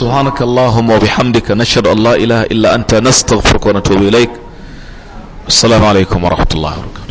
سبحانك اللهم وبحمدك نشهد أن لا إله إلا أنت نستغفرك ونتوب إليك السلام عليكم ورحمة الله وبركاته